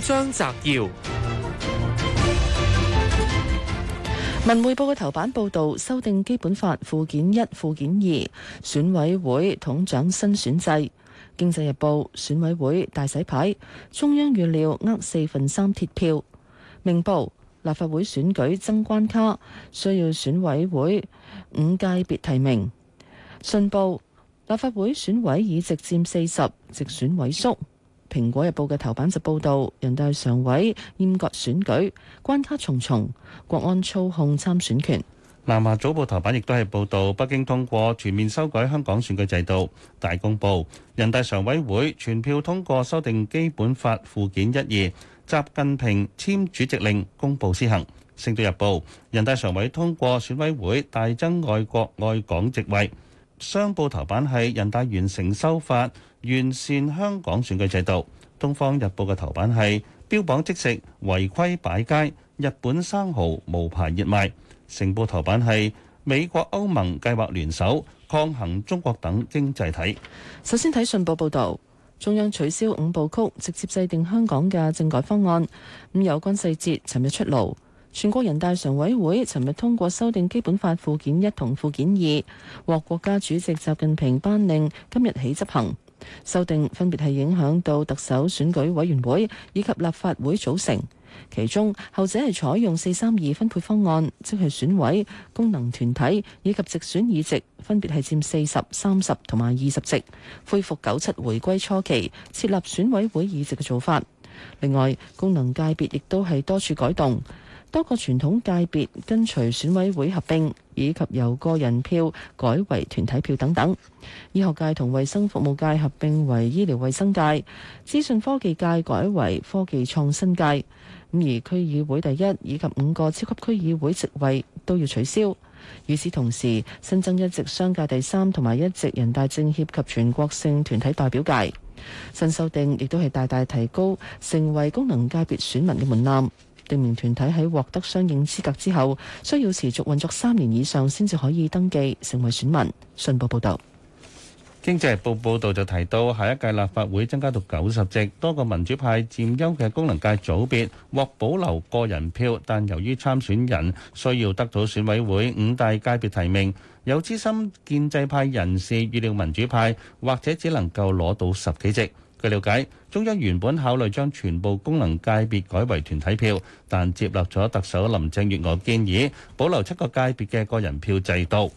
，《張澤耀文匯報》嘅頭版報道修訂基本法附件一、附件二，選委會統掌新選制，《經濟日報》選委會大洗牌，中央預料握四分三鐵票，《明報》立法會選舉增關卡，需要選委會五界別提名，《信報》立法會選委已直占四十，直選萎縮。《蘋果日報》嘅頭版就報道，人大常委閹割選舉，關卡重重，國安操控參選權。《南華早報》頭版亦都係報道，北京通過全面修改香港選舉制度。《大公報》，人大常委會全票通過修訂基本法附件一、二，習近平簽主席令公佈施行。《星島日報》人大常委通過選委會大增愛國愛港席位。商報頭版係人大完成修法，完善香港選舉制度。東方日報嘅頭版係標榜即食，違規擺街，日本生蠔無牌熱賣。成報頭版係美國歐盟計劃聯手抗衡中國等經濟體。首先睇信報報道，中央取消五部曲，直接制定香港嘅政改方案。咁有關細節，尋日出爐。全國人大常委會尋日通過修訂基本法附件一同附件二，獲國家主席習近平頒令，今日起執行。修訂分別係影響到特首選舉委員會以及立法會組成，其中後者係採用四三二分配方案，即係選委功能團體以及直選議席分別係佔四十、三十同埋二十席，恢復九七回歸初期設立選委會議席嘅做法。另外，功能界別亦都係多處改動。多個傳統界別跟隨選委會合併，以及由個人票改為團體票等等。醫學界同衛生服務界合併為醫療衛生界，資訊科技界改為科技創新界。咁而區議會第一以及五個超級區議會席位都要取消。與此同時，新增一席商界第三同埋一席人大政協及全國性團體代表界。新修訂亦都係大大提高成為功能界別選民嘅門檻。定名團體喺獲得相應資格之後，需要持續運作三年以上，先至可以登記成為選民。信報報導，經濟日報報導就提到，下一屆立法會增加到九十席，多個民主派佔優嘅功能界組別獲保留個人票，但由於參選人需要得到選委會五大界別提名，有資深建制派人士預料民主派或者只能夠攞到十幾席。據瞭解，中央原本考慮將全部功能界別改為團體票，但接納咗特首林鄭月娥建議，保留七個界別嘅個人票制度。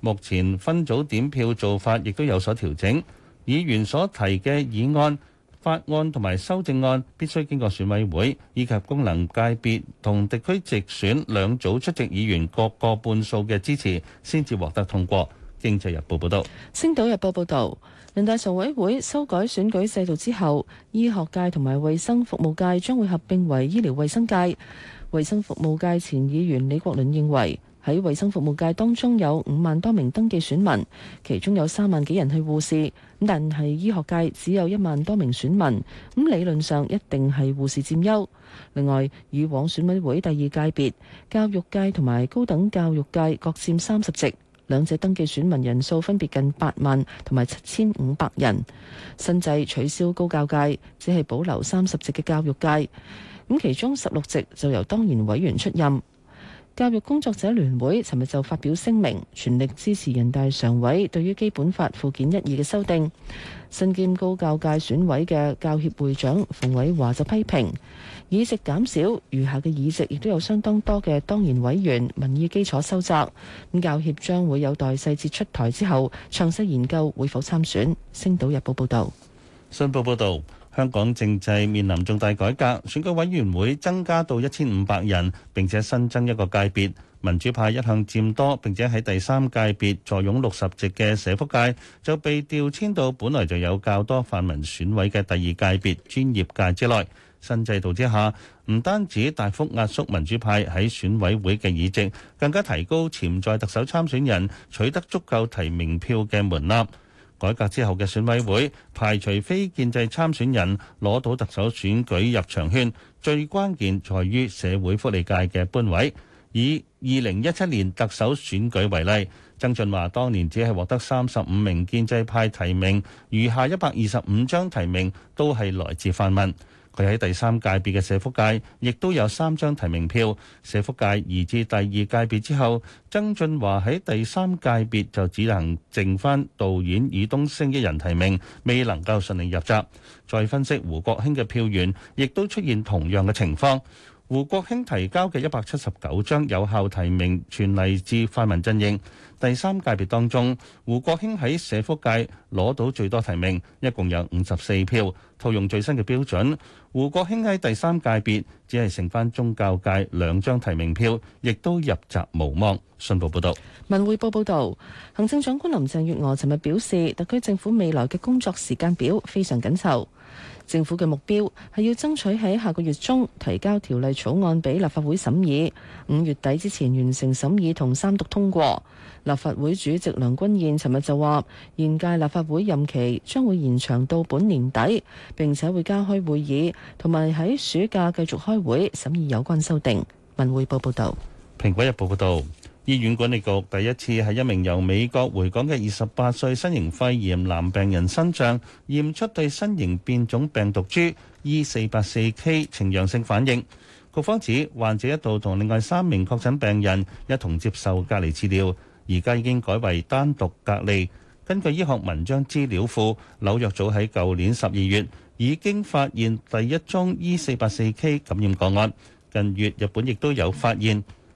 目前分組點票做法亦都有所調整，議員所提嘅議案、法案同埋修正案必須經過選委會以及功能界別同地區直選兩組出席議員各個半數嘅支持，先至獲得通過。經濟日報報道，《星島日報》報道。人大常委會修改選舉制度之後，醫學界同埋衛生服務界將會合併為醫療衛生界。衛生服務界前議員李國麟認為，喺衛生服務界當中有五萬多名登記選民，其中有三萬幾人係護士，咁但係醫學界只有一萬多名選民，咁理論上一定係護士佔優。另外，以往選委會第二界別教育界同埋高等教育界各佔三十席。兩者登記選民人數分別近八萬同埋七千五百人，新制取消高教界，只係保留三十席嘅教育界，咁其中十六席就由當然委員出任。教育工作者聯會尋日就發表聲明，全力支持人大常委對於基本法附件一、二嘅修訂。身兼高教界選委嘅教協會長馮偉華就批評，議席減少，餘下嘅議席亦都有相當多嘅當然委員，民意基礎收窄。咁教協將會有待細節出台之後，詳細研究會否參選。星島日報報道，新報報道。香港政制面臨重大改革，選舉委員會增加到一千五百人，並且新增一個界別。民主派一向佔多，並且喺第三界別坐擁六十席嘅社福界，就被調遷到本來就有較多泛民選委嘅第二界別專業界之內。新制度之下，唔單止大幅壓縮民主派喺選委會嘅議席，更加提高潛在特首參選人取得足夠提名票嘅門檻。改革之後嘅選委會排除非建制參選人攞到特首選舉入場券，最關鍵在於社會福利界嘅搬位。以二零一七年特首選舉為例，曾俊華當年只係獲得三十五名建制派提名，餘下一百二十五張提名都係來自泛民。佢喺第三界別嘅社福界亦都有三張提名票，社福界移至第二界別之後，曾俊華喺第三界別就只能剩翻導演爾冬升一人提名，未能夠順利入閘。再分析胡國興嘅票源，亦都出現同樣嘅情況。胡國興提交嘅一百七十九張有效提名，全嚟自泛民陣營。第三界別當中，胡國興喺社福界攞到最多提名，一共有五十四票。套用最新嘅標準，胡國興喺第三界別只係剩翻宗教界兩張提名票，亦都入閘無望。信報報道。文匯報報道，行政長官林鄭月娥尋日表示，特區政府未來嘅工作時間表非常緊湊。政府嘅目標係要爭取喺下個月中提交條例草案俾立法會審議，五月底之前完成審議同三讀通過。立法會主席梁君彥尋日就話，現屆立法會任期將會延長到本年底，並且會加開會議，同埋喺暑假繼續開會審議有關修訂。文匯報報道。蘋果日報報導。醫院管理局第一次係一名由美國回港嘅二十八歲新型肺炎男病人身上驗出對新型變種病毒株 E 四八四 K 呈陽性反應。局方指患者一度同另外三名確診病人一同接受隔離治療，而家已經改為單獨隔離。根據醫學文章資料庫，紐約早喺舊年十二月已經發現第一宗 E 四八四 K 感染個案。近月日本亦都有發現。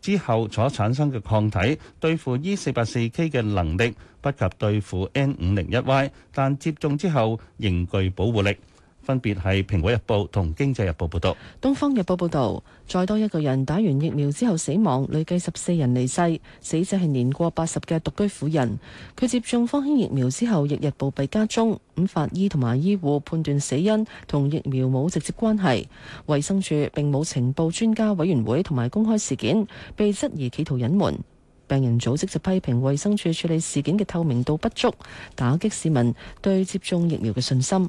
之後所產生嘅抗體對付 E 四八四 K 嘅能力不及對付 N 五零一 Y，但接種之後仍具保護力。分別係《蘋果日報》同《經濟日報》報道，《東方日報》報道，再多一個人打完疫苗之後死亡，累計十四人離世。死者係年過八十嘅獨居婦人，佢接種科興疫苗之後，翌日暴斃家中。咁法醫同埋醫護判斷死因同疫苗冇直接關係。衛生署並冇呈報專家委員會同埋公開事件，被質疑企圖隱瞞。病人組織就批評衛生署處理事件嘅透明度不足，打擊市民對接種疫苗嘅信心。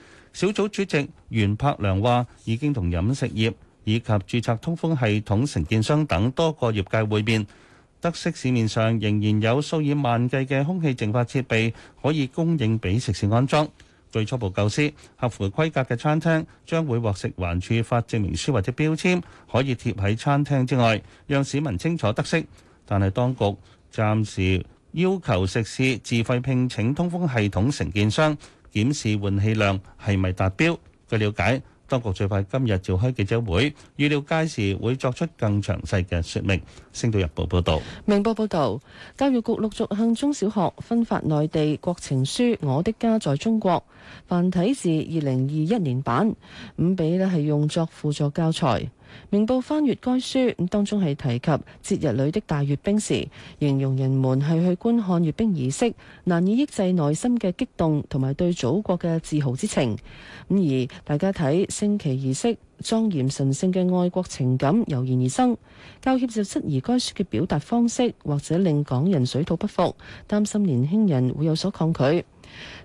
小組主席袁柏良話：已經同飲食業以及註冊通風系統承建商等多個業界會面，得悉市面上仍然有數以萬計嘅空氣淨化設備可以供應俾食肆安裝。據初步構思，合乎規格嘅餐廳將會獲食環署發證明書或者標籤，可以貼喺餐廳之外，讓市民清楚得悉。但係當局暫時要求食肆自費聘請通風系統承建商。檢視換氣量係咪達標？據了解，當局最快今日召開記者會，預料屆時會作出更詳細嘅説明。星島日報報道：明報報道，教育局陸續向中小學分發內地國情書《我的家在中國》繁體字二零二一年版，五比呢係用作輔助教材。明報翻閱該書，咁當中係提及節日裏的大閱兵時，形容人們係去觀看閱兵儀式，難以抑制內心嘅激動同埋對祖國嘅自豪之情。咁而大家睇升旗儀式，莊嚴神聖嘅愛國情感油然而生。教協就質疑該書嘅表達方式，或者令港人水土不服，擔心年輕人會有所抗拒。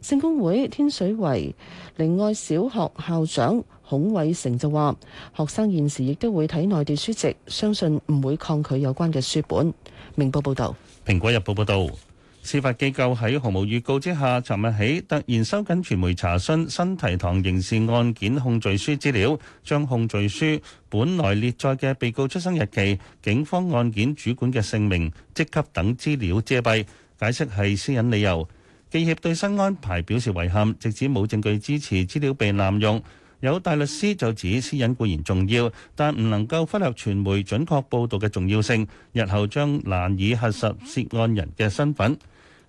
聖公會天水圍靈愛小學校長。孔偉成就話：學生現時亦都會睇內地書籍，相信唔會抗拒有關嘅書本。明報報道，蘋果日報報道，司法機構喺毫無預告之下，尋日起突然收緊傳媒查詢新提堂刑事案件控罪書資料，將控罪書本來列載嘅被告出生日期、警方案件主管嘅姓名、職級等資料遮蔽，解釋係私隱理由。記協對新安排表示遺憾，直指冇證據支持資料被濫用。有大律師就指，私隱固然重要，但唔能夠忽略傳媒準確報導嘅重要性。日後將難以核實涉案人嘅身份。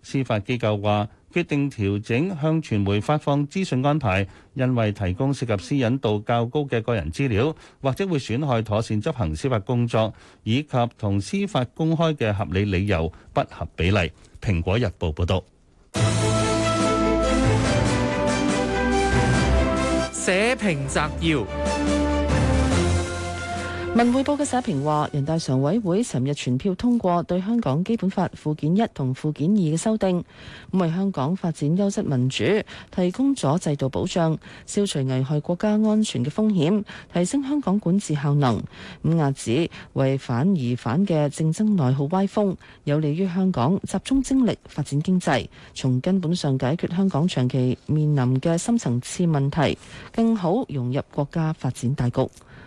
司法機構話，決定調整向傳媒發放資訊安排，因為提供涉及私隱度較高嘅個人資料，或者會損害妥善執行司法工作，以及同司法公開嘅合理理由不合比例。《蘋果日報》報導。寫評摘要。文匯報嘅社評話，人大常委會尋日全票通過對香港基本法附件一同附件二嘅修訂，咁為香港發展優質民主提供咗制度保障，消除危害國家安全嘅風險，提升香港管治效能。咁壓止為反而反嘅政爭內耗歪風，有利於香港集中精力發展經濟，從根本上解決香港長期面臨嘅深層次問題，更好融入國家發展大局。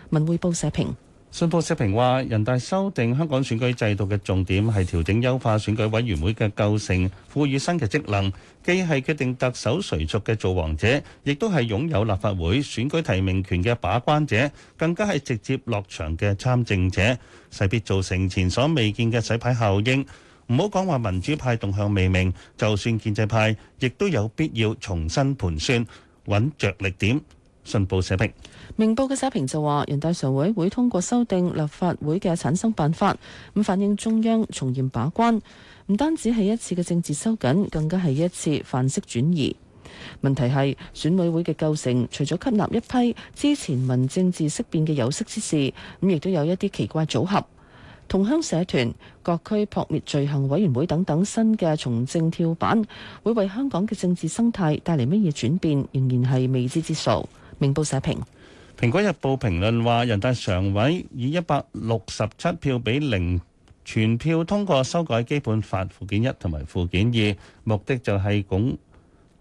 文匯報社評。信報社評話，人大修訂香港選舉制度嘅重點係調整優化選舉委員會嘅構成，賦予新嘅職能，既係決定特首誰屬嘅造王者，亦都係擁有立法會選舉提名權嘅把關者，更加係直接落場嘅參政者，勢必造成前所未見嘅洗牌效應。唔好講話民主派動向未明，就算建制派亦都有必要重新盤算，揾着力點。信報社評，明報嘅社評就話：人大常委會通過修訂立法會嘅產生辦法，咁反映中央從嚴把關，唔單止係一次嘅政治收緊，更加係一次範式轉移。問題係選委會嘅構成，除咗吸納一批之前民政治色變嘅有識之士，咁亦都有一啲奇怪組合，同鄉社團、各區撲滅罪行委員會等等新嘅從政跳板，會為香港嘅政治生態帶嚟乜嘢轉變，仍然係未知之數。明報社評，《蘋果日報》評論話：人大常委以一百六十七票比零全票通過修改基本法附件一同埋附件二，目的就係鞏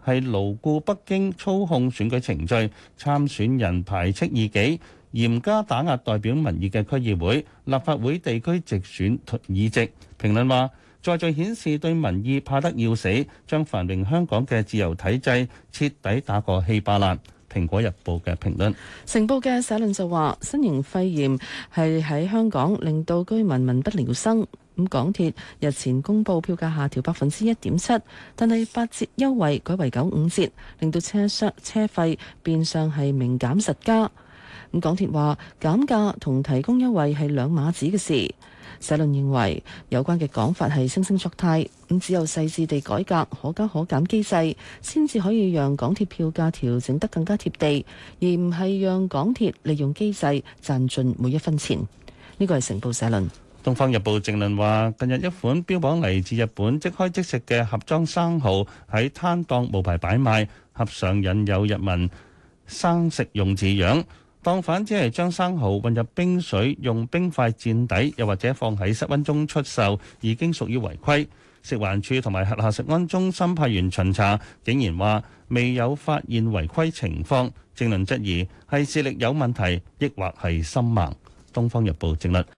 係牢固北京操控選舉程序，參選人排斥異己，嚴加打壓代表民意嘅區議會、立法會地區直選議席。評論話：再再顯示對民意怕得要死，將繁榮香港嘅自由體制徹底打個稀巴爛。《蘋果日報》嘅評論，成報嘅社論就話：新型肺炎係喺香港令到居民民不聊生。咁港鐵日前公布票價下調百分之一點七，但係八折優惠改為九五折，令到車廂車費變相係明減實加。咁港鐵話減價同提供優惠係兩碼子嘅事。社論認為有關嘅講法係惺惺作態，咁只有細緻地改革可加可減機制，先至可以讓港鐵票價調整得更加貼地，而唔係讓港鐵利用機制賺盡每一分錢。呢個係成報社論。《東方日報》正論話，近日一款標榜嚟自日本即開即食嘅盒裝生蠔喺攤檔無牌擺賣，盒上引有日文生食用字樣。檔販只係將生蠔混入冰水，用冰塊墊底，又或者放喺室溫中出售，已經屬於違規。食環署同埋轄下食安中心派員巡查，竟然話未有發現違規情況，正論質疑係視力有問題，抑或係心盲。《東方日報》正論。